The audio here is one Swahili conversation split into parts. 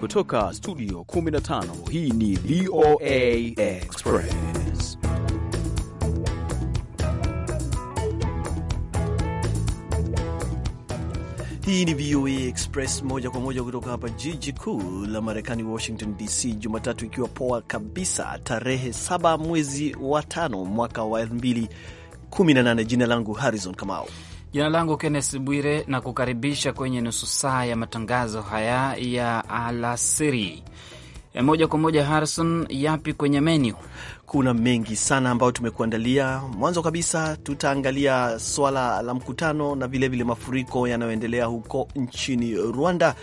Kutoka studio 15 hii ni VOA Express. Hii ni VOA Express moja kwa moja kutoka hapa jiji kuu la Marekani, Washington DC, Jumatatu ikiwa poa kabisa, tarehe 7 mwezi wa tano mwaka wa 2018. Jina langu Harrison Kamau Jina langu Kennes Bwire na kukaribisha kwenye nusu saa ya matangazo haya ya alasiri. ya eh, moja kwa moja Harrison, yapi kwenye menu? Kuna mengi sana ambayo tumekuandalia. Mwanzo kabisa tutaangalia swala la mkutano na vilevile vile mafuriko yanayoendelea huko nchini Rwanda,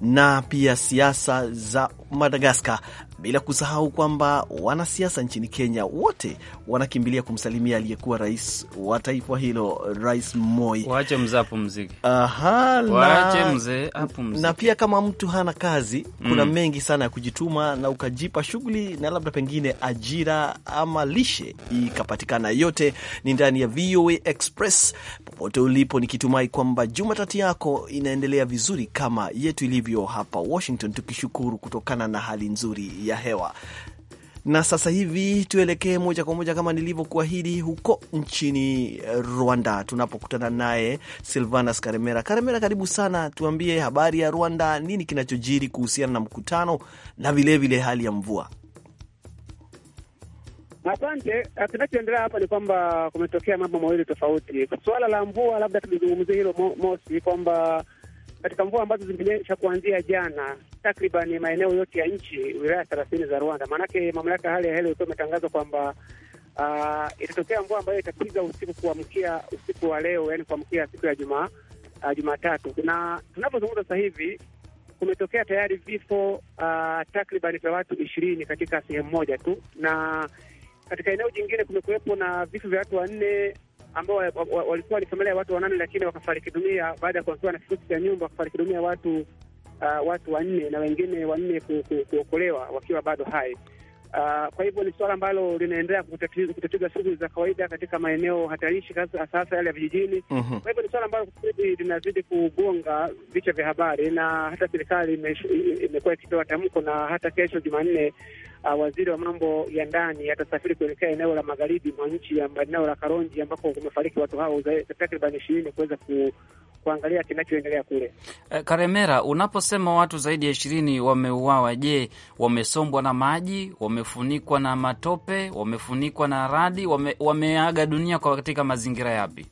na pia siasa za Madagaskar bila kusahau kwamba wanasiasa nchini Kenya wote wanakimbilia kumsalimia aliyekuwa rais wa taifa hilo, Rais Moi. Waache mzee apumzike. Aha, waache mzee apumzike. Na pia kama mtu hana kazi, kuna mm, mengi sana ya kujituma na ukajipa shughuli na labda pengine ajira ama lishe ikapatikana. Yote ni ndani ya VOA Express popote ulipo, nikitumai kwamba Jumatatu yako inaendelea vizuri kama yetu ilivyo hapa Washington, tukishukuru kutokana na hali nzuri ya ya hewa. Na sasa hivi tuelekee moja kwa moja kama nilivyokuahidi huko nchini Rwanda, tunapokutana naye Silvanas Karemera. Karemera, karibu sana, tuambie habari ya Rwanda, nini kinachojiri kuhusiana na mkutano na vilevile hali ya mvua? Asante. Ah, kinachoendelea hapa ni kwamba kumetokea mambo mawili tofauti. Suala la mvua, labda tulizungumzia hilo mosi, kwamba katika mvua ambazo zimenyesha kuanzia jana takriban maeneo yote ya nchi, wilaya thelathini za Rwanda. Maanake mamlaka ya hali ya hewa ilikuwa imetangaza kwamba uh, itatokea mvua ambayo itapiga usiku kuamkia usiku wa leo, yani kuamkia siku ya juma uh, ah, Jumatatu, na tunavyozungumza sasa hivi kumetokea tayari vifo uh, takriban vya watu ishirini katika sehemu moja tu, na katika eneo jingine kumekuwepo na vifo vya watu wanne ambao walikuwa ni familia ya watu wanane, lakini wakafariki dunia baada ya kuangukiwa na kifusi cha nyumba, wakafariki dunia watu uh, watu wanne na wengine wanne kuokolewa wakiwa bado hai. Uh, kwa hivyo ni suala ambalo linaendelea kutatiza shughuli za kawaida katika maeneo hatarishi hasa yale ya vijijini. mm -hmm. Kwa hivyo ni suala ambalo linazidi kugonga vichwa vya habari na hata serikali imekuwa ikitoa tamko, na hata kesho Jumanne, uh, waziri wa mambo ya ndani atasafiri kuelekea eneo la magharibi mwa nchi, eneo la Karonji ambako kumefariki watu hao takriban ishirini kuweza ku kuangalia kinachoendelea kule eh, Karemera. Unaposema watu zaidi ya ishirini wameuawa, je, wamesombwa na maji, wamefunikwa na matope, wamefunikwa na radi, wame, wameaga dunia kwa katika mazingira yapi?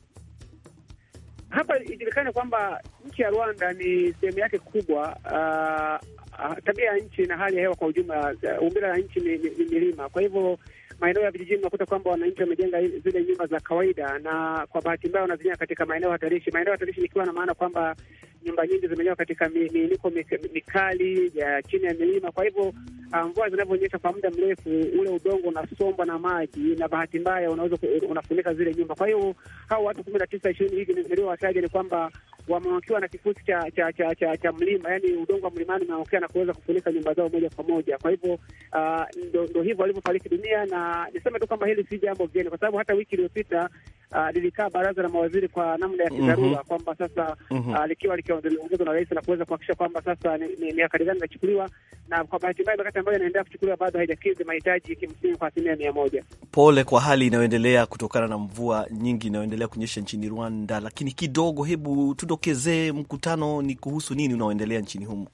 Hapa ijulikane kwamba nchi ya Rwanda ni sehemu yake kubwa uh, tabia ya nchi na hali ya hewa kwa ujumla, eh, umbile la nchi ni milima, kwa hivyo maeneo ya vijijini unakuta kwamba wananchi wamejenga zile nyumba za kawaida, na kwa bahati mbaya wanazijenga katika maeneo hatarishi. Maeneo hatarishi nikiwa na maana kwamba nyumba nyingi zimejengwa katika miinuko mikali ya chini ya milima. Kwa hivyo ah, mvua zinavyoonyesha kwa muda mrefu, ule udongo unasombwa na maji, na bahati mbaya unaweza unafunika zile nyumba. Kwa hiyo hao watu kumi na tisa ishirini hivi wataja ni kwamba wameangukiwa na kifusi cha cha, cha cha cha mlima, yani udongo wa mlimani umeangukia na kuweza kufunika nyumba zao moja kwa moja. Kwa hivyo uh, ndo, ndo hivyo walivyofariki dunia, na niseme tu kwamba hili si jambo geni, kwa sababu hata wiki iliyopita uh, lilikaa baraza la mawaziri kwa namna ya mhm. kidharura mm -hmm. kwamba sasa mm -hmm. uh, mhm. likiwa likiongozwa na rais na kuweza kuhakikisha kwamba sasa ni miaka gani inachukuliwa, na kwa bahati mbaya mikakati ambayo inaendelea kuchukuliwa bado haijakidhi mahitaji kimsingi kwa asilimia mia moja. Pole kwa hali inayoendelea kutokana na mvua nyingi inayoendelea kunyesha nchini Rwanda, lakini kidogo, hebu tudo tutokezee, mkutano ni kuhusu nini unaoendelea nchini humo?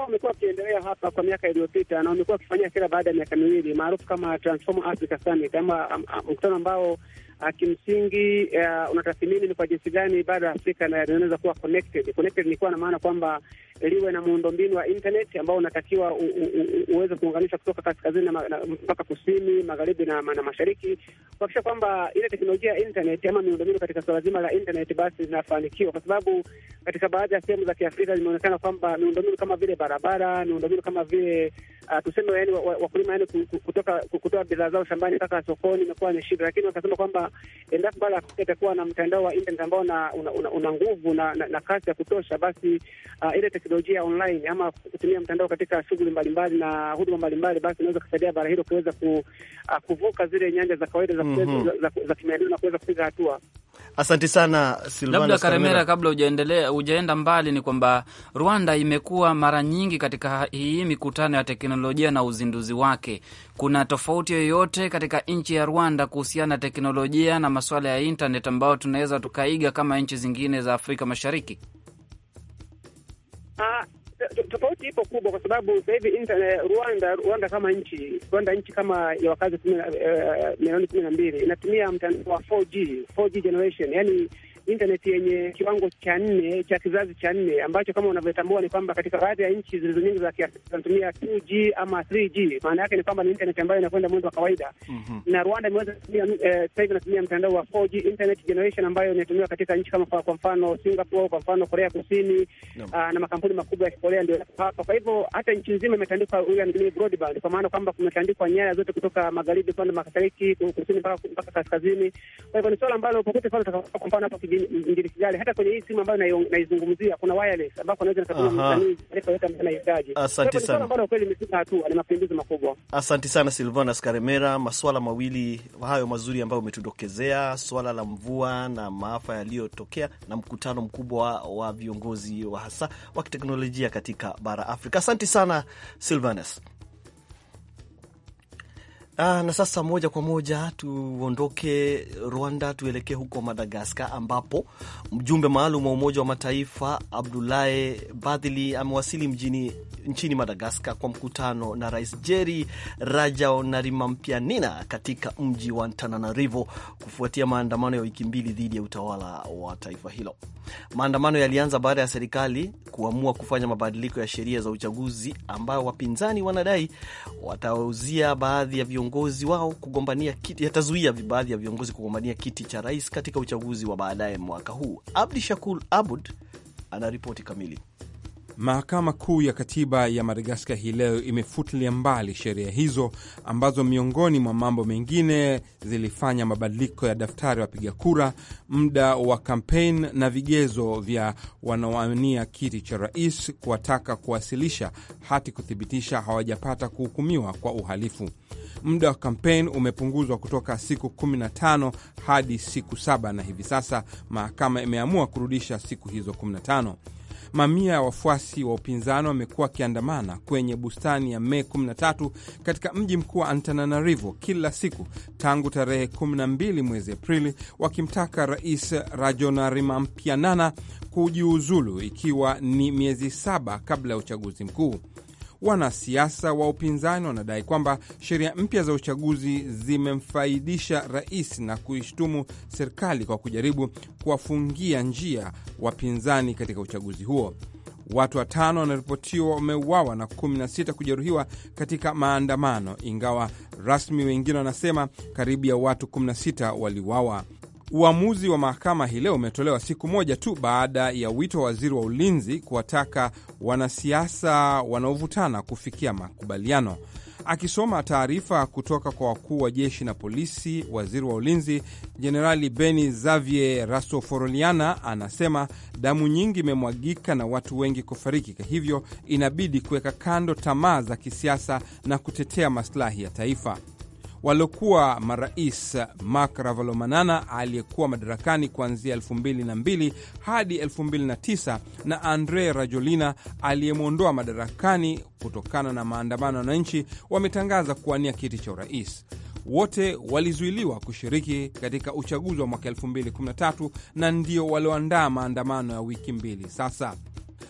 Wamekuwa wakiendelea hapa kwa miaka iliyopita na wamekuwa wakifanyia kila baada ya miaka miwili, maarufu kama Transform Africa Summit, ama mkutano ambao Ah, kimsingi uh, eh, unatathimini ni kwa jinsi gani bado Afrika inaweza kuwa connected. Connected ni kuwa na maana kwamba liwe na muundombinu wa internet ambao unatakiwa uweze kuunganisha kutoka kaskazini mpaka kusini, magharibi na, na mashariki, kuhakikisha kwamba ile teknolojia ya internet ama miundombinu katika suala zima la internet basi inafanikiwa, kwa sababu katika baadhi ya sehemu za Kiafrika zimeonekana kwamba miundombinu kama vile barabara, miundombinu kama vile uh, tuseme yani wakulima wa, wa yani kutoka kutoa bidhaa zao shambani mpaka sokoni imekuwa ni shida, lakini wakasema kwamba endapo bara itakuwa na mtandao wa internet ambao una, una, una, una nguvu na, na, na kasi ya kutosha, basi uh, ile teknolojia online ama kutumia mtandao katika shughuli mbalimbali na huduma mbalimbali, basi inaweza kusaidia bara hilo kuweza ku, uh, kuvuka zile nyanja za kawaida za, mm -hmm. za, za, za, za kimaendeleo na kuweza kupiga hatua. Asante sana Silvana. Labda Karemera, kabla ujaendelea ujaenda mbali, ni kwamba Rwanda imekuwa mara nyingi katika hii mikutano ya teknolojia teknolojia na uzinduzi wake. Kuna tofauti yoyote katika nchi ya Rwanda kuhusiana na teknolojia na masuala ya intanet ambayo tunaweza tukaiga kama nchi zingine za Afrika Mashariki? Ah, tofauti ipo kubwa, kwa sababu sasa hivi Rwanda Rwanda kama nchi Rwanda nchi kama ya wakazi eh, milioni kumi na mbili inatumia mtandao wa 4G, 4G generation yani intaneti yenye kiwango cha nne cha kizazi cha nne ambacho kama unavyotambua ni kwamba katika baadhi ya nchi zilizo nyingi za Kiafrika zinatumia 2G ama 3G. Maana yake ni kwamba ni intaneti ambayo inakwenda mwendo wa kawaida mm -hmm. na Rwanda imeweza kutumia eh, sasa hivi inatumia mtandao wa 4G internet generation ambayo inatumiwa katika nchi kama kwa mfano Singapore, kwa mfano Korea Kusini no. aa, ah, na makampuni makubwa ya Korea ndio hapa. Kwa hivyo hata nchi nzima imetandikwa ile broadband, kwa maana kwamba kumetandikwa nyaya zote kutoka magharibi kwenda mashariki, kusini mpaka kaskazini. Kwa hivyo ni swala ambalo popote pale kwa mfano hapa mjirisigali. Hata kwenye hii simu ambayo naizungumzia kuna wireless ambako anaweza nikatuma msanii taarifa yote ambalo kweli imefika hatua, ni mapinduzi makubwa. Asante sana Silvana karemera maswala mawili hayo mazuri ambayo umetudokezea, swala la mvua na maafa yaliyotokea na mkutano mkubwa wa viongozi wa hasa wa kiteknolojia katika bara Afrika. Asante sana Silvanus. Ah, na sasa moja kwa moja tuondoke Rwanda tuelekee huko Madagaskar ambapo mjumbe maalum wa Umoja wa Mataifa Abdulahi Badhili amewasili mjini nchini Madagaskar kwa mkutano na Rais Jerry Rajaonarimampianina katika mji wa Antananarivo kufuatia maandamano ya wiki mbili dhidi ya utawala wa taifa hilo. Maandamano yalianza baada ya serikali kuamua kufanya mabadiliko ya sheria za uchaguzi ambayo wapinzani wanadai watauzia baadhi ya viongozi wao kugombania kiti, yatazuia baadhi ya viongozi kugombania kiti cha rais katika uchaguzi wa baadaye mwaka huu. Abdi Shakur Abud ana ripoti kamili. Mahakama Kuu ya Katiba ya Madagaskar hii leo imefutilia mbali sheria hizo ambazo miongoni mwa mambo mengine zilifanya mabadiliko ya daftari wapiga kura, muda wa kampeni na vigezo vya wanaoania kiti cha rais, kuwataka kuwasilisha hati kuthibitisha hawajapata kuhukumiwa kwa uhalifu. Muda wa kampeni umepunguzwa kutoka siku 15 hadi siku saba, na hivi sasa mahakama imeamua kurudisha siku hizo 15. Mamia ya wafuasi wa upinzani wamekuwa wakiandamana kwenye bustani ya Mei 13 katika mji mkuu wa Antananarivo kila siku tangu tarehe 12 mwezi Aprili, wakimtaka Rais Rajonarimampianana kujiuzulu, ikiwa ni miezi saba kabla ya uchaguzi mkuu. Wanasiasa wa upinzani wanadai kwamba sheria mpya za uchaguzi zimemfaidisha rais na kuishtumu serikali kwa kujaribu kuwafungia njia wapinzani katika uchaguzi huo. Watu watano wanaripotiwa wameuawa na 16 kujeruhiwa katika maandamano, ingawa rasmi wengine wanasema karibu ya watu 16 waliuawa. Uamuzi wa mahakama hii leo umetolewa siku moja tu baada ya wito wa waziri wa ulinzi kuwataka wanasiasa wanaovutana kufikia makubaliano. Akisoma taarifa kutoka kwa wakuu wa jeshi na polisi, waziri wa ulinzi Jenerali Beni Xavier Rasoforoliana anasema damu nyingi imemwagika na watu wengi kufariki, kwa hivyo inabidi kuweka kando tamaa za kisiasa na kutetea masilahi ya taifa waliokuwa marais Marc Ravalomanana aliyekuwa madarakani kuanzia 2002 hadi 2009 na Andre Rajolina aliyemwondoa madarakani kutokana na maandamano ya wananchi, wametangaza kuwania kiti cha urais. Wote walizuiliwa kushiriki katika uchaguzi wa mwaka 2013 na ndio walioandaa maandamano ya wiki mbili sasa.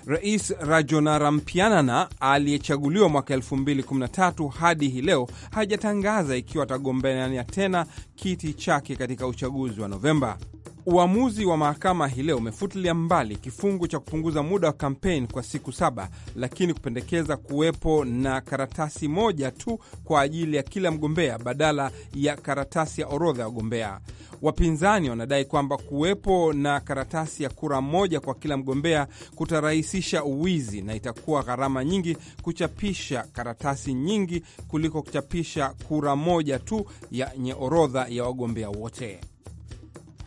Rais rajonarampianana aliyechaguliwa mwaka 2013 hadi hii leo hajatangaza ikiwa atagombeania tena kiti chake katika uchaguzi wa Novemba. Uamuzi wa mahakama hii leo umefutilia mbali kifungu cha kupunguza muda wa kampeni kwa siku saba, lakini kupendekeza kuwepo na karatasi moja tu kwa ajili ya kila mgombea badala ya karatasi ya orodha ya wagombea. Wapinzani wanadai kwamba kuwepo na karatasi ya kura moja kwa kila mgombea kutarahisisha uwizi na itakuwa gharama nyingi kuchapisha karatasi nyingi kuliko kuchapisha kura moja tu yenye orodha ya wagombea wote.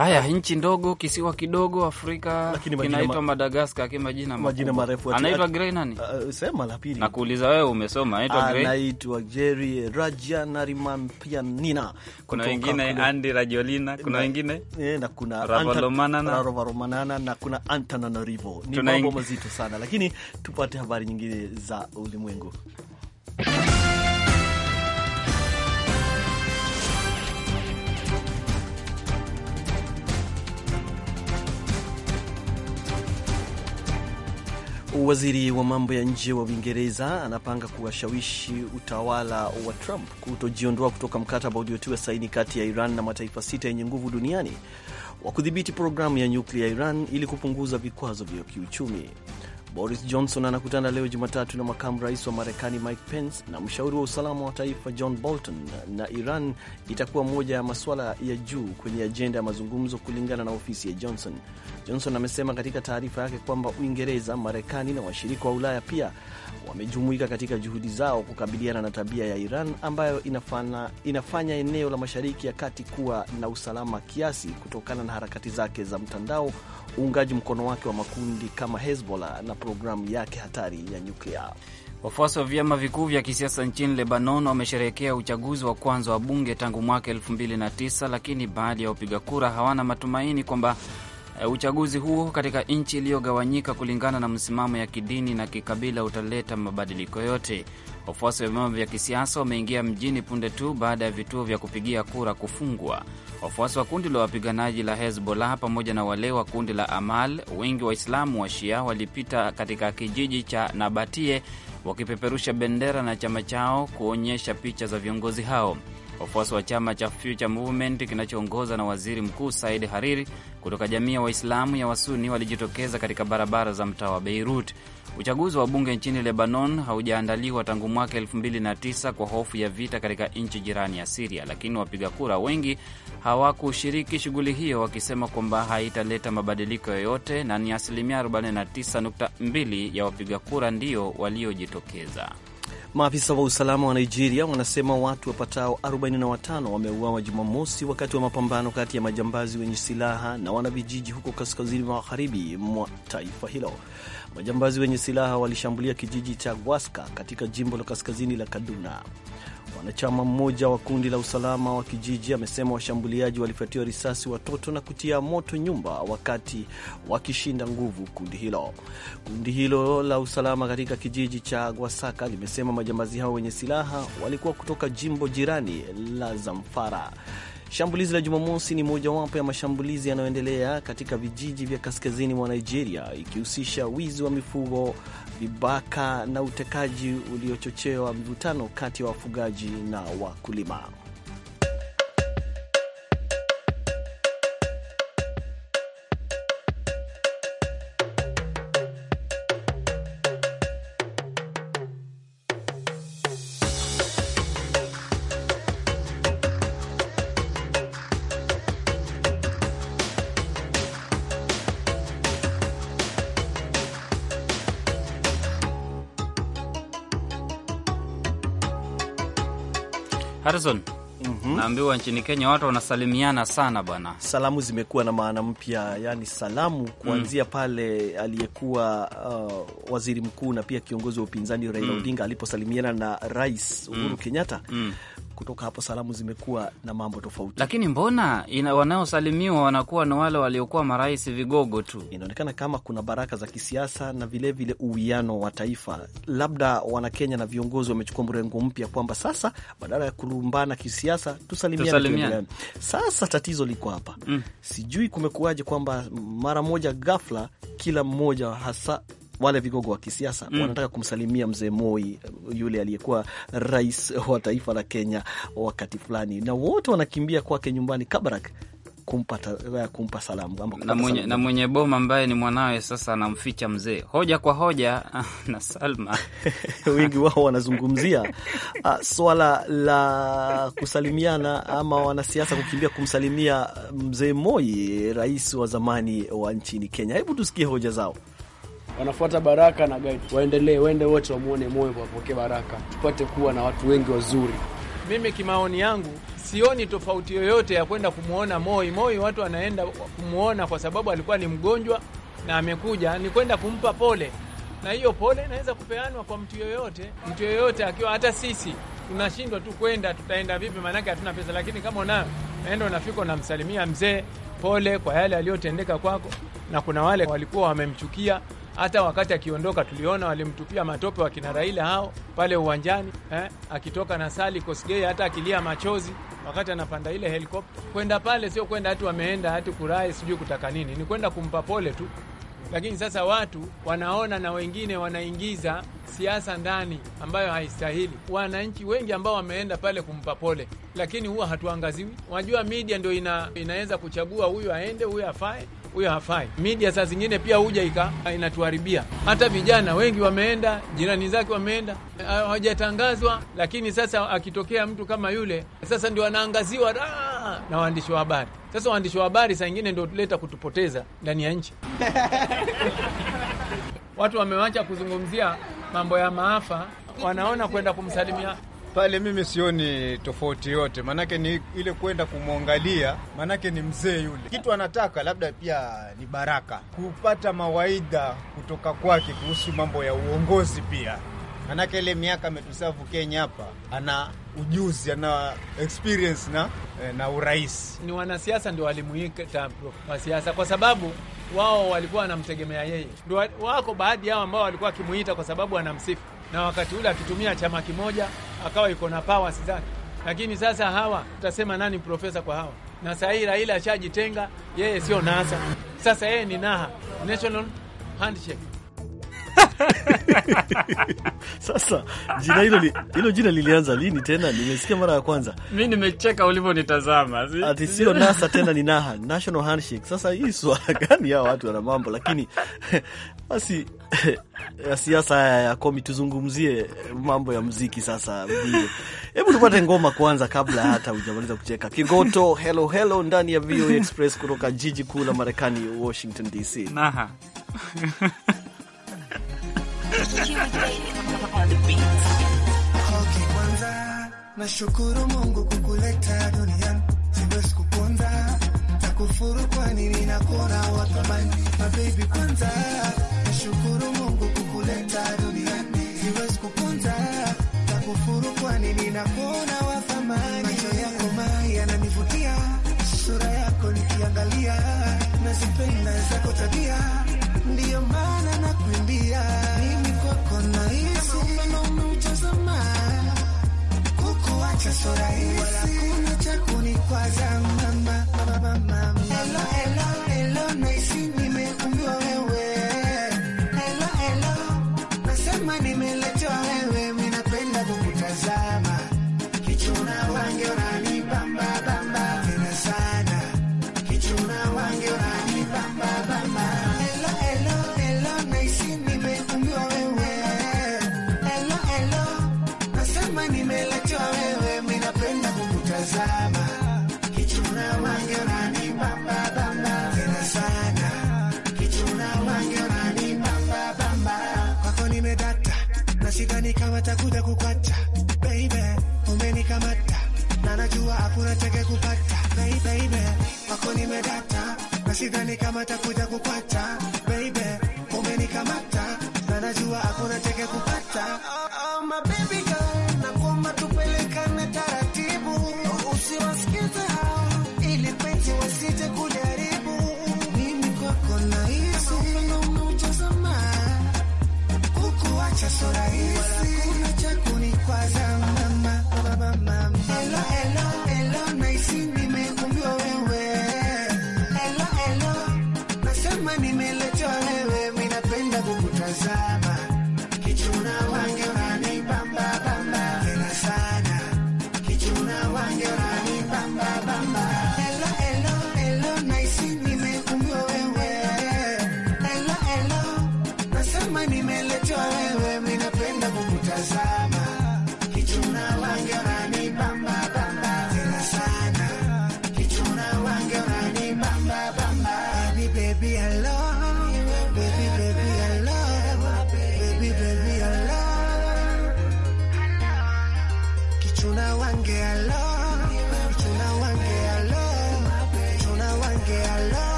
Haya, nchi ndogo, kisiwa kidogo Afrika, kinaitwa Madagaskar, ki majina majina marefu. Anaitwa Grey nani? Uh, uh, sema la pili. Nakuuliza wewe, umesoma. Anaitwa Grey, anaitwa Jerry Raja Nariman Pianina. Kuna wengine Andy Rajolina, kuna wengine eh, na kuna Ravalomanana, Ravalomanana na kuna Antananarivo. Ni mambo mazito sana, lakini tupate habari nyingine za ulimwengu. Waziri wa mambo ya nje wa Uingereza anapanga kuwashawishi utawala wa Trump kutojiondoa kutoka mkataba uliotiwa saini kati ya Iran na mataifa sita yenye nguvu duniani wa kudhibiti programu ya nyuklia ya Iran ili kupunguza vikwazo vya kiuchumi. Boris Johnson anakutana leo Jumatatu na makamu rais wa Marekani Mike Pence na mshauri wa usalama wa taifa John Bolton, na Iran itakuwa moja ya masuala ya juu kwenye ajenda ya mazungumzo, kulingana na ofisi ya Johnson. Johnson amesema katika taarifa yake kwamba Uingereza, Marekani na washirika wa Ulaya pia wamejumuika katika juhudi zao kukabiliana na tabia ya Iran ambayo inafana, inafanya eneo la Mashariki ya Kati kuwa na usalama kiasi kutokana na harakati zake za mtandao, uungaji mkono wake wa makundi kama Hezbollah na programu yake hatari ya nyuklia. Wafuasi wa vyama vikuu vya kisiasa nchini Lebanon wamesherehekea uchaguzi wa kwanza wa bunge tangu mwaka 2009 lakini baadhi ya wapiga kura hawana matumaini kwamba Eh, uchaguzi huo katika nchi iliyogawanyika kulingana na msimamo ya kidini na kikabila utaleta mabadiliko yote. Wafuasi wa vyama vya kisiasa wameingia mjini punde tu baada ya vituo vya kupigia kura kufungwa. Wafuasi wa kundi la wapiganaji la Hezbollah pamoja na wale wa kundi la Amal, wengi Waislamu wa Shia, walipita katika kijiji cha Nabatie wakipeperusha bendera na chama chao kuonyesha picha za viongozi hao. Wafuasi wa chama cha Future Movement kinachoongoza na waziri mkuu Said Hariri kutoka jamii ya Waislamu ya Wasuni walijitokeza katika barabara za mtaa wa Beirut. Uchaguzi wa bunge nchini Lebanon haujaandaliwa tangu mwaka 2009 kwa hofu ya vita katika nchi jirani ya Siria, lakini wapiga kura wengi hawakushiriki shughuli hiyo, wakisema kwamba haitaleta mabadiliko yoyote, na ni asilimia 49.2 ya wapiga kura ndio waliojitokeza. Maafisa wa usalama wa Nigeria wanasema watu wapatao 45 wameuawa Jumamosi wakati wa mapambano kati ya majambazi wenye silaha na wanavijiji huko kaskazini magharibi mwa taifa hilo. Majambazi wenye silaha walishambulia kijiji cha Gwaska katika jimbo la kaskazini la Kaduna. Mwanachama mmoja wa kundi la usalama wa kijiji amesema washambuliaji walifuatiwa risasi watoto na kutia moto nyumba wakati wakishinda nguvu kundi hilo. Kundi hilo la usalama katika kijiji cha Gwasaka limesema majambazi hao wenye silaha walikuwa kutoka jimbo jirani la Zamfara. Shambulizi la Jumamosi ni mojawapo ya mashambulizi yanayoendelea katika vijiji vya kaskazini mwa Nigeria, ikihusisha wizi wa mifugo vibaka na utekaji uliochochewa mvutano kati ya wafugaji na wakulima. Harrison, mm -hmm. Naambiwa nchini Kenya watu wanasalimiana sana bwana. Salamu zimekuwa na maana mpya, yani salamu kuanzia mm. pale aliyekuwa uh, waziri mkuu na pia kiongozi wa upinzani Raila mm. Odinga aliposalimiana na Rais Uhuru mm. Kenyatta mm kutoka hapo, salamu zimekuwa na mambo tofauti, lakini mbona wanaosalimiwa wanakuwa na wale waliokuwa marais vigogo tu? Inaonekana kama kuna baraka za kisiasa na vilevile uwiano wa taifa. Labda Wanakenya na viongozi wamechukua mrengo mpya kwamba sasa badala ya kulumbana kisiasa tusalimiane. Sasa tatizo liko hapa mm. Sijui kumekuwaje kwamba mara moja ghafla kila mmoja hasa wale vigogo wa kisiasa mm. wanataka kumsalimia mzee Moi, uh, yule aliyekuwa rais wa taifa la Kenya wakati fulani, na wote wanakimbia kwake nyumbani Kabarak kumpa, uh, kumpa salamu na mwenye, na mwenye boma ambaye ni mwanawe sasa anamficha mzee hoja kwa hoja na Salma wengi wao wanazungumzia uh, swala la kusalimiana ama wanasiasa kukimbia kumsalimia mzee Moi, rais wa zamani wa nchini Kenya. Hebu tusikie hoja zao wanafuata baraka na guide, waendelee, waende wote, wamwone moyo, wapokee baraka, tupate kuwa na watu wengi wazuri. Mimi kimaoni yangu sioni tofauti yoyote ya kwenda kumwona Moi. Moi watu wanaenda kumwona kwa sababu alikuwa ni mgonjwa na amekuja, ni kwenda kumpa pole, na hiyo pole inaweza kupeanwa kwa mtu yoyote, mtu yoyote akiwa. Hata sisi tunashindwa tu kwenda, tutaenda vipi? Maanake hatuna pesa, lakini kama unayo naenda, unafika, unamsalimia mzee, pole kwa yale aliyotendeka kwako. Na kuna wale walikuwa wamemchukia hata wakati akiondoka, tuliona walimtupia matope wakina Raila hao pale uwanjani eh, akitoka na Sali Kosgei, hata akilia machozi wakati anapanda ile helikopta kwenda pale. Sio kwenda hatu wameenda hatu kurai sijui kutaka nini, ni kwenda kumpa pole tu. Lakini sasa watu wanaona na wengine wanaingiza siasa ndani ambayo haistahili. Wananchi wengi ambao wameenda pale kumpa pole, lakini huwa hatuangaziwi. wajua media ndio ina, inaweza kuchagua huyu aende, huyu afae huyo hafai. Media saa zingine pia huja ika inatuharibia. Hata vijana wengi wameenda, jirani zake wameenda, hawajatangazwa, lakini sasa akitokea mtu kama yule, sasa ndio anaangaziwa na waandishi wa habari. Sasa waandishi wa habari saa ingine ndio tuleta kutupoteza ndani ya nchi watu wamewacha kuzungumzia mambo ya maafa, wanaona kwenda kumsalimia pale mimi sioni tofauti yote, maanake ni ile kwenda kumwangalia, maanake ni mzee yule, kitu anataka labda pia ni baraka kupata mawaidha kutoka kwake kuhusu mambo ya uongozi pia, maanake ile miaka ametusavu Kenya hapa, ana ujuzi, ana experience na, eh, na urais. Ni wanasiasa ndio walimuita wasiasa kwa sababu wao walikuwa wanamtegemea yeye. Ndio wako baadhi yao ambao walikuwa wakimuita kwa sababu anamsifu, na wakati ule akitumia chama kimoja akawa yuko na powers zake, lakini sasa hawa tutasema nani profesa kwa hawa? Na saa hii Raila ashajitenga, yeye sio NASA, sasa yeye ni NAHA, national handshake. Sasa jina hilo hilo jina lilianza lini tena? Nimesikia mara ya kwanza, mi nimecheka ulivyonitazama, ati sio NASA tena ni NAHA, national handshake. Sasa hii swala gani hawa watu wana mambo, lakini basi ya siasa ya komi, tuzungumzie mambo ya mziki sasa. Hebu tupate ngoma kwanza, kabla hata hujamaliza kucheka. Kigoto Hello Hello ndani ya VOA Express kutoka jiji kuu la Marekani, Washington DC. nashukuru Mungu kukuleta duniani, siwezi kukunza kwanza Nashukuru Mungu kukuleta duniani, siwezi kukunza takufuru, kwani ninakuona wathamani. Macho yako mai yananivutia, sura yako nikiangalia, nazipenda zako tabia, ndiyo maana nakuimbia mimi kwako kukuacha sura hii, wala kuna cha kunikwaza mama, mama, mama, mama. Hello, hello. time. nataka kupata baby, wako nimedata, na sidhani kama takuja kupata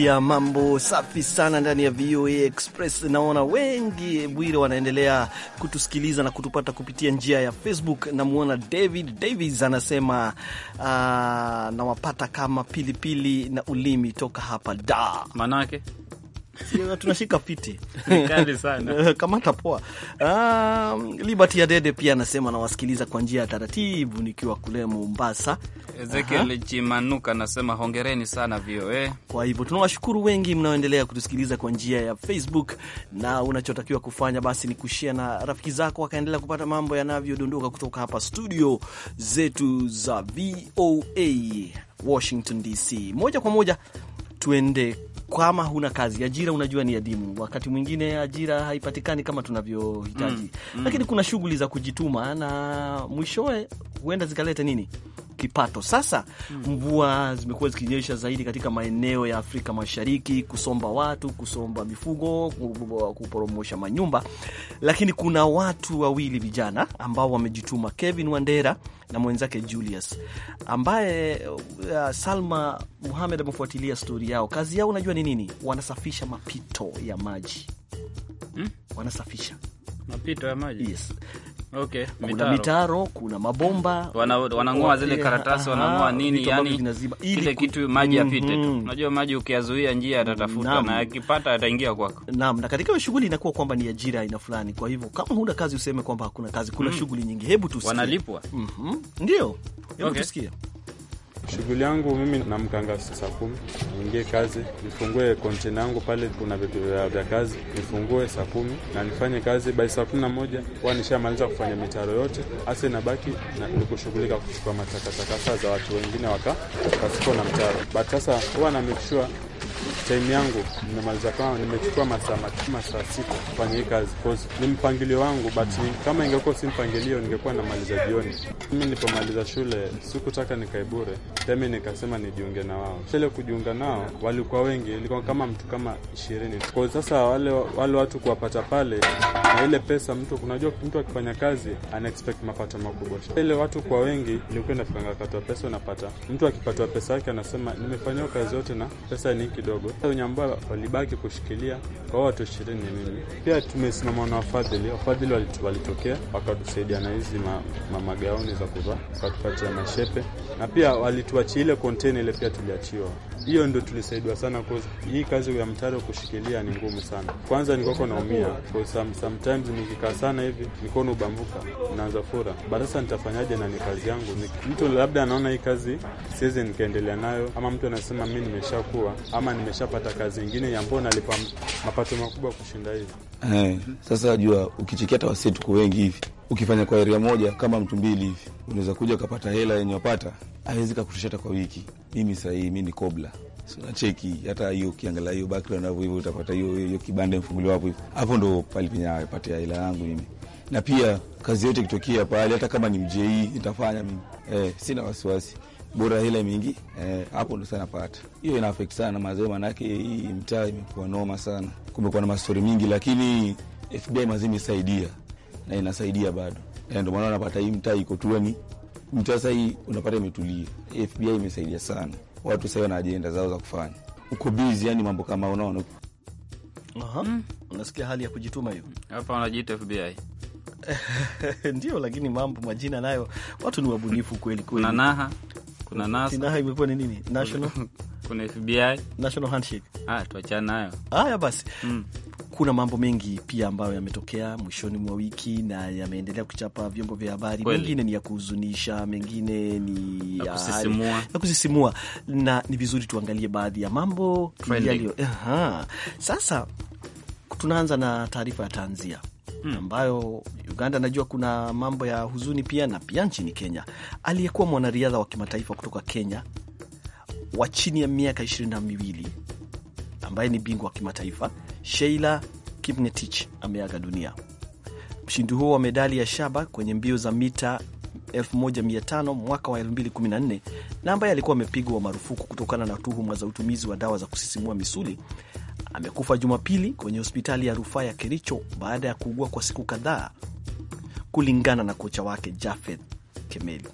Kukwambia mambo safi sana ndani ya VOA Express. Naona wengi Bwire wanaendelea kutusikiliza na kutupata kupitia njia ya Facebook. Namwona David Davis anasema uh, nawapata kama pilipili pili na ulimi toka hapa da manake tunashika piti kali sana kamata poa. Um, Liberty Dede pia anasema nawasikiliza kwa njia ya taratibu nikiwa kule Mombasa. Ezekiel Chimanuka anasema hongereni sana VOA. Kwa hivyo tunawashukuru wengi mnaoendelea kutusikiliza kwa njia ya Facebook, na unachotakiwa kufanya basi ni kushia na rafiki zako, wakaendelea kupata mambo yanavyodondoka kutoka hapa studio zetu za VOA Washington DC. Moja kwa moja tuende kama huna kazi, ajira unajua ni adimu, wakati mwingine ajira haipatikani kama tunavyohitaji mm, mm. Lakini kuna shughuli za kujituma na mwishowe huenda zikaleta nini kipato. Sasa mvua zimekuwa zikinyesha zaidi katika maeneo ya Afrika Mashariki, kusomba watu, kusomba mifugo, kuporomosha manyumba, lakini kuna watu wawili vijana ambao wamejituma, Kevin Wandera na mwenzake Julius ambaye uh, Salma Muhamed amefuatilia stori yao. Kazi yao unajua ni nini? Wanasafisha mapito ya maji hmm? wanasafisha mapito ya maji yes okay, kuna mitaro, mitaro kuna mabomba wanang'oa zile karatasi wanang'oa ah, nini, yani ile kitu maji yapite mm -hmm. Unajua maji ukiyazuia njia yatatafuta na akipata ataingia kwako. Naam, na katika hiyo shughuli inakuwa kwamba ni ajira aina fulani. Kwa hivyo kama huna kazi useme kwamba hakuna kazi, kuna mm -hmm. shughuli nyingi. Hebu tusikie wanalipwa, mm -hmm. ndio, hebu okay. tusikie Shughuli yangu mimi namkanga saa kumi, niingie kazi, nifungue kontena yangu pale, kuna vitu vya kazi, nifungue saa kumi na nifanye kazi bai saa kumi na moja huwa nishamaliza kufanya mitaro yote, hasa inabaki ni kushughulika kuchukua matakatakasa za watu wengine waka pasipo na mtaro, but sasa huwa namekishua time yangu nimemaliza kama nimechukua masaa masaa sita kufanya hii kazi cause ni mpangilio wangu, but kama ingekuwa si mpangilio ningekuwa namaliza jioni. Mimi nilipomaliza shule sikutaka nikae bure, temi nikasema nijiunge na wao. Ile kujiunga nao walikuwa wengi, ilikuwa kama mtu kama ishirini. Kwa sasa wale, wale watu kuwapata pale na ile pesa mtu, kunajua mtu akifanya kazi ana expect mapato makubwa. Ile watu kwa wengi ilikuwa inafikanga kata pesa, unapata mtu akipatiwa pesa yake anasema nimefanyia kazi yote na pesa ni kidogo kidogo. Wenye ambao walibaki kushikilia kwa watu ishirini mimi. Pia tumesimama na wafadhili, wafadhili walitokea wakatusaidia na hizi mamagauni ma za kuvaa, wakatupatia mashepe na pia walituachia ile kontena ile, pia tuliachiwa hiyo ndo tulisaidiwa sana cause hii kazi ya mtaro kushikilia ni ngumu sana. Kwanza nikoko naumia some, sometimes nikikaa sana hivi mikono ubambuka naanza fura, but sasa nitafanyaje? na ni kazi yangu. Mtu labda anaona hii kazi siwezi nikaendelea nayo, ama mtu anasema mi nimeshakuwa ama nimeshapata kazi ingine ya nalipa mapato makubwa kushinda hivi. Hey, eh, sasa jua ukichikia hata wasietuko wengi hivi ukifanya kwa eria moja kama mtu mbili hivi, unaweza kuja ukapata hela yenye wapata awezi kakushusha hata kwa wiki. Mimi sahii mi ni kobla nacheki hata hiyo ukiangalia hiyo background hapo hivyo utapata hiyo hiyo kibanda mfunguliwa hapo hivyo, hapo ndo pale penye apatia hela yangu mimi. Na pia kazi yote ikitokea pale, hata kama ni mjei nitafanya mimi eh, sina wasiwasi, bora hela mingi eh, hapo ndo sana pata hiyo. Ina affect sana mazee, manake hii mtaa imekuwa noma sana, kumekuwa na mastori mingi, lakini FBI mazee imesaidia na inasaidia bado, eh, ndio maana unapata hii mtaa iko tuani, mtaa sahii unapata imetulia. FBI imesaidia sana, watu sahii wana ajenda zao za kufanya, uko bizi, yani mambo kama unaona. Aha, mm. Unasikia hali ya kujituma hiyo hapa, wanajiita FBI ndio, lakini mambo majina nayo watu ni wabunifu kweli kweli. Nanaha kuna NASA. imekuwa ni nini? National kuna FBI, National Handshake. Ah, nayo. Haya basi. Mm. Kuna mambo mengi pia ambayo yametokea mwishoni mwa wiki na yameendelea kuchapa vyombo vya habari. Mengine ni ya kuhuzunisha, mengine ni ya kusisimua, ya kusisimua, na ni vizuri tuangalie baadhi ya mambo yaliyo. Sasa tunaanza na taarifa ya tanzia mm, ambayo Uganda najua kuna mambo ya huzuni pia na pia nchini Kenya, aliyekuwa mwanariadha wa kimataifa kutoka Kenya wa chini ya miaka ishirini na miwili ambaye ni bingwa wa kimataifa Sheila Kipnetich ameaga dunia. Mshindi huo wa medali ya shaba kwenye mbio za mita 1500 mwaka wa 2014 na ambaye alikuwa amepigwa marufuku kutokana na tuhuma za utumizi wa dawa za kusisimua misuli amekufa Jumapili kwenye hospitali ya rufaa ya Kericho baada ya kuugua kwa siku kadhaa, kulingana na kocha wake Jafeth Kemeli.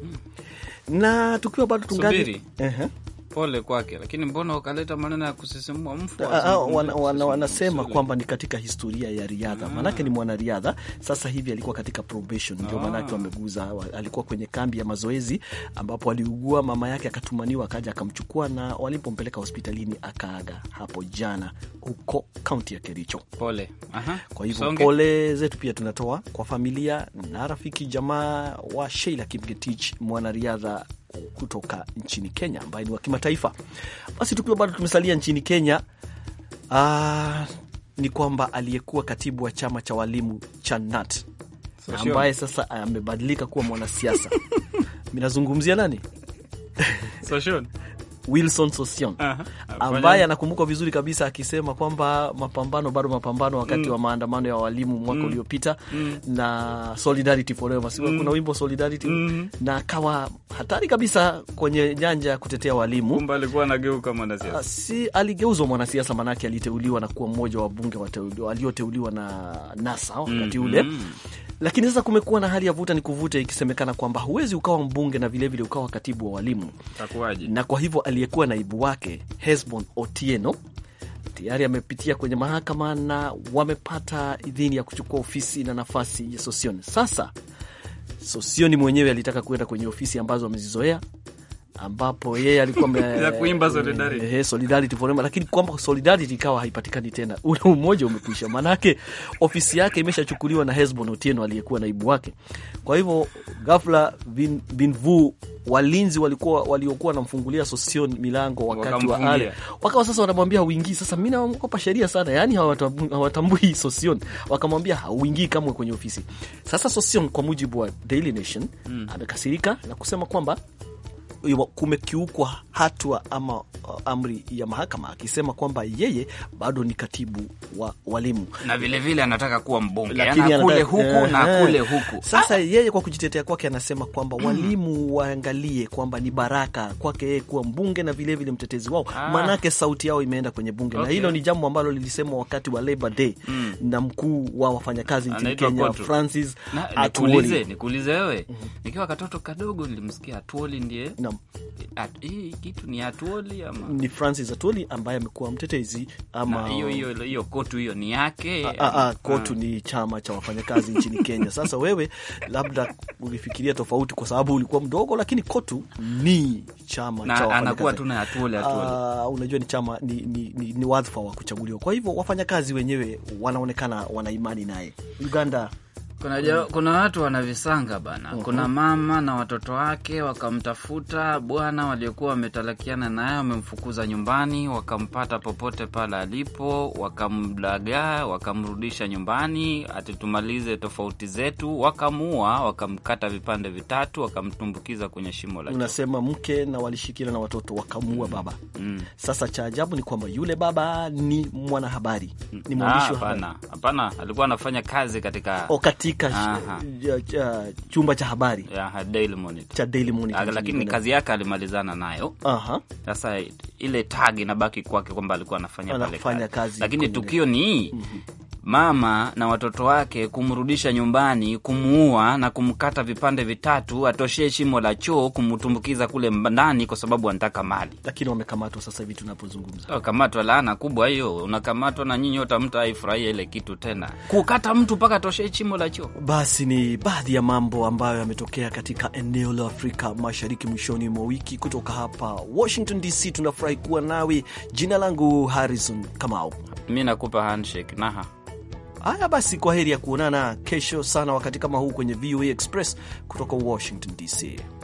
Hmm. Na tukiwa bado tungali pole kwake, lakini mbona wakaleta maneno ya kusisimua mfu? Ah, ah, wanasema kwamba ni katika historia ya riadha, mm. maanake ni mwanariadha. Sasa hivi alikuwa katika probation, ndio maanake ah. wameguza. Alikuwa kwenye kambi ya mazoezi ambapo aliugua, mama yake akatumaniwa, akaja akamchukua, na walipompeleka hospitalini akaaga hapo jana huko kaunti ya Kericho. Pole. Aha. Kwa hivyo pole zetu pia tunatoa kwa familia na rafiki jamaa wa Sheila Kipgetich, mwanariadha kutoka nchini Kenya ambaye ni wa kimataifa. Basi tukiwa bado tumesalia nchini Kenya, aa, ah, ni kwamba aliyekuwa katibu wa chama cha walimu cha NAT ambaye sasa ah, amebadilika kuwa mwanasiasa minazungumzia nani? Wilson Sosion uh -huh. ambaye anakumbukwa vizuri kabisa akisema kwamba mapambano bado mapambano, wakati mm. wa maandamano ya walimu mwaka mm. uliopita mm. na Solidarity Forever mm. kuna wimbo Solidarity mm. na akawa hatari kabisa kwenye nyanja ya kutetea walimu. Kumbe alikuwa anageuka mwanasiasa. Ah, si aligeuzwa mwanasiasa, manake aliteuliwa na kuwa mmoja wa bunge walioteuliwa na NASA wakati mm. ule mm. Lakini sasa kumekuwa na hali ya vuta ni kuvuta, ikisemekana kwamba huwezi ukawa mbunge na vilevile ukawa katibu wa walimu Takuaji. Na kwa hivyo aliyekuwa naibu wake Hesbon Otieno tayari amepitia kwenye mahakama na wamepata idhini ya kuchukua ofisi na nafasi ya Sosioni. Sasa Sosioni mwenyewe alitaka kuenda kwenye ofisi ambazo amezizoea ambapo yeye alikuwa ya kuimba solidarity, eh, solidarity forever, lakini kwamba solidarity ikawa haipatikani tena, ule umoja umekwisha, maanake ofisi yake imeshachukuliwa na Hezbon Otieno aliyekuwa naibu wake. Kwa hivyo ghafla bin, binvu walinzi walikuwa waliokuwa wanamfungulia Sosion milango wakati waka wa ale wakawa sasa wanamwambia hauingii. Sasa mimi naogopa sheria sana, yani hawatambui Sosion, wakamwambia hauingii kamwe kwenye ofisi. Sasa Sosion, kwa mujibu wa Daily Nation, mm, amekasirika na kusema kwamba kumekiukwa hatua ama uh, amri ya mahakama, akisema kwamba yeye bado ni katibu wa walimu na vilevile vile anataka kuwa mbunge na kule huku na kule huku. Sasa yeye kwa kujitetea kwake anasema kwamba mm. walimu waangalie kwamba ni baraka kwake yeye kuwa mbunge na vilevile vile mtetezi wao, ah. maanake sauti yao imeenda kwenye bunge okay. Na hilo ni jambo ambalo lilisemwa wakati wa Labor Day mm. na mkuu wa wafanyakazi nchini Kenya Francis Atwoli. Nikuulize wewe, mm-hmm. nikiwa katoto kadogo nilimsikia Atwoli ndiye na, hii kitu ni Atuoli ama ni Francis Atuoli ambaye amekuwa mtetezi ama hiyo hiyo hiyo kotu hiyo ni yake. A, a, a, kotu ni chama cha wafanyakazi nchini Kenya. Sasa wewe labda ulifikiria tofauti kwa sababu ulikuwa mdogo, lakini kotu ni chama na, cha anakuwa tu na Atuoli Atuoli, ah, unajua ni chama ni, ni, ni, ni wadhifa wa kuchaguliwa. Kwa hivyo wafanyakazi wenyewe wanaonekana wana imani naye Uganda kuna, ja, kuna watu wanavisanga bana. Kuna mama na watoto wake wakamtafuta bwana waliokuwa wametalakiana naye, wamemfukuza nyumbani, wakampata popote pale alipo, wakamlaga wakamrudisha nyumbani, atitumalize tofauti zetu. wakamua wakamkata vipande vitatu, wakamtumbukiza kwenye shimo la. Unasema mke na walishikila na watoto wakamuua baba. mm. Sasa cha ajabu ni kwamba yule baba ni mwanahabari, ni mwandishi wa ah, habari. Hapana, alikuwa anafanya kazi katika o, katika eh, eh, chumba cha habari yeah, Daily Monitor. cha Daily Monitor, ah, lakini kazi yake alimalizana nayo. Sasa ile tag inabaki kwake kwamba alikuwa anafanya pale kazi, lakini tukio ni mm -hmm mama na watoto wake kumrudisha nyumbani, kumuua na kumkata vipande vitatu, atoshee shimo la choo, kumtumbukiza kule ndani kwa sababu anataka mali. Lakini wamekamatwa sasa hivi tunapozungumza, kamatwa. Laana kubwa hiyo, unakamatwa na nyinyi wote, mtu aifurahia ile kitu tena, kukata mtu mpaka atoshee shimo la choo. Basi ni baadhi ya mambo ambayo yametokea katika eneo la Afrika Mashariki mwishoni mwa wiki. Kutoka hapa Washington DC tunafurahi kuwa nawe. Jina langu Harrison Kamau, mi nakupa handshake naha Haya basi, kwa heri ya kuonana kesho sana wakati kama huu kwenye VOA e Express kutoka Washington DC.